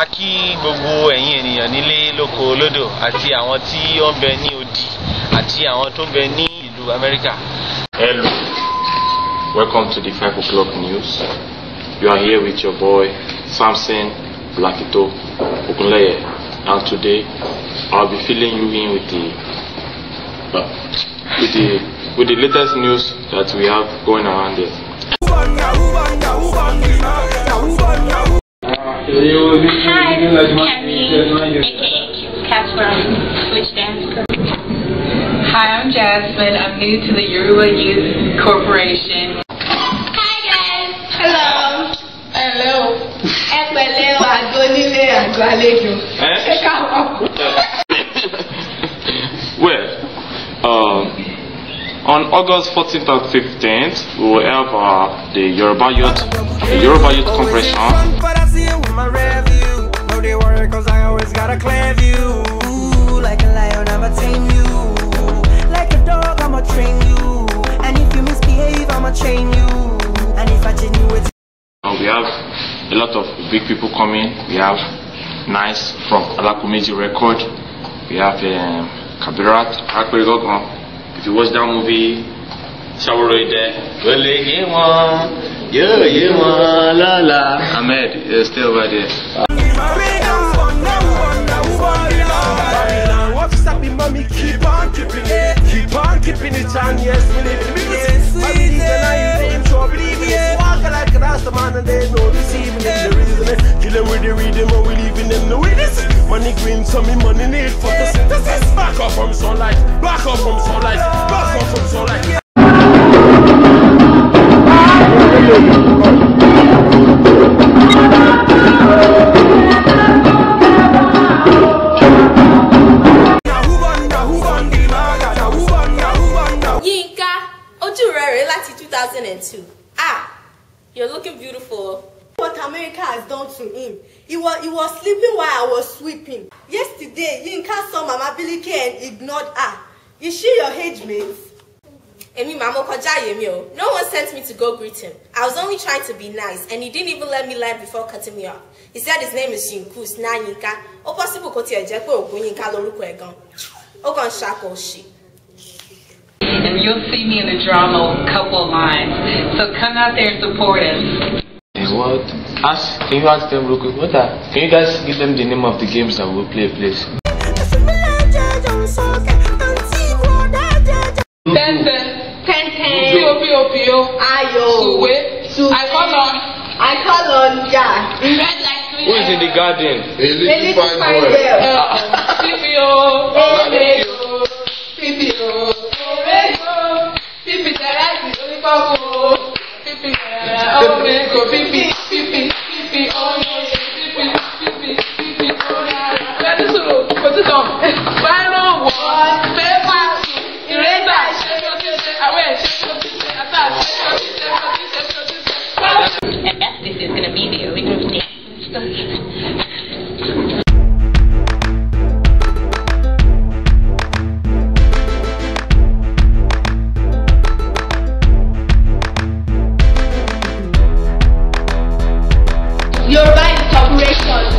a kí gbogbo ẹ̀yin ènìyàn nílé lóko lódò àti àwọn tí ó bẹ ní odi àti àwọn tó bẹ ní ìlú Amẹ́ríkà. Hello, welcome to the five o'clock news. You are here with your boy Samson Blakito Ogunleye, and today I'll be filling you in with the uh, with the with the latest news that we have going around there. Uh, Hi, I'm Jasmine. I'm new to the Yoruba Youth Corporation. Hi, guys. Hello. Hello. Ẹ pẹ̀lẹ́ o. Àgọ́ eh? Well, um, on August 14th and 15th, we will have uh, the Yoruba Youth, the Yoruba Youth Convention know they worry cause I always got a clear view Ooh, like a lion I'ma tame you Like a dog I'ma train you And if you misbehave I'ma chain you And if I chain you it's We have a lot of big people coming We have Nice from Alakumeji Record We have um, Kabirat If you watch that movie it's Wele Yewa yeah, yeah, la la. Ahmed is still right there. Ah. Babylon, Babylon, Babylon, Babylon, Babylon. What is up, mommy? Keep on keeping it, keep on keeping it, and yes, we live in yes, I believe in I am sure believe it. Walk like a rasta man, and they know this evening the reason. Kill them with the rhythm, and we live in them. No, it is money green, so me money need photosynthesis. Back up from sunlight, back up from sunlight, back up from sunlight. there too. Ah, you're looking beautiful. What America has done to him. He was, he was sleeping while I was sweeping. Yesterday, Yinka saw Mama Bilike and ignored her. Is she your age mate? Emi Mamo Koja Yemio. No one sent me to go greet him. I was only trying to be nice and he didn't even let me land before cutting me off. He said his name is Yinkus, na Yinka. O possible kò tiẹ̀ jẹ́ pé ògùn Yinka lórúkọ ẹ̀ gan. Ó kàn and you'll see me in the drama couple lines. So come out there and support us. what? Ask, can you ask them real quick? What are? Can you guys give them the name of the games that we'll play, please? Tenten, Tenten, Pio Pio Pio, Ayo, Suwe, Suwe, I call on, I call on, yeah. Who is in the garden? Elite Find Well. Ah. Pio. Oh, o bíbí ẹ̀ ọ̀rẹ́ follow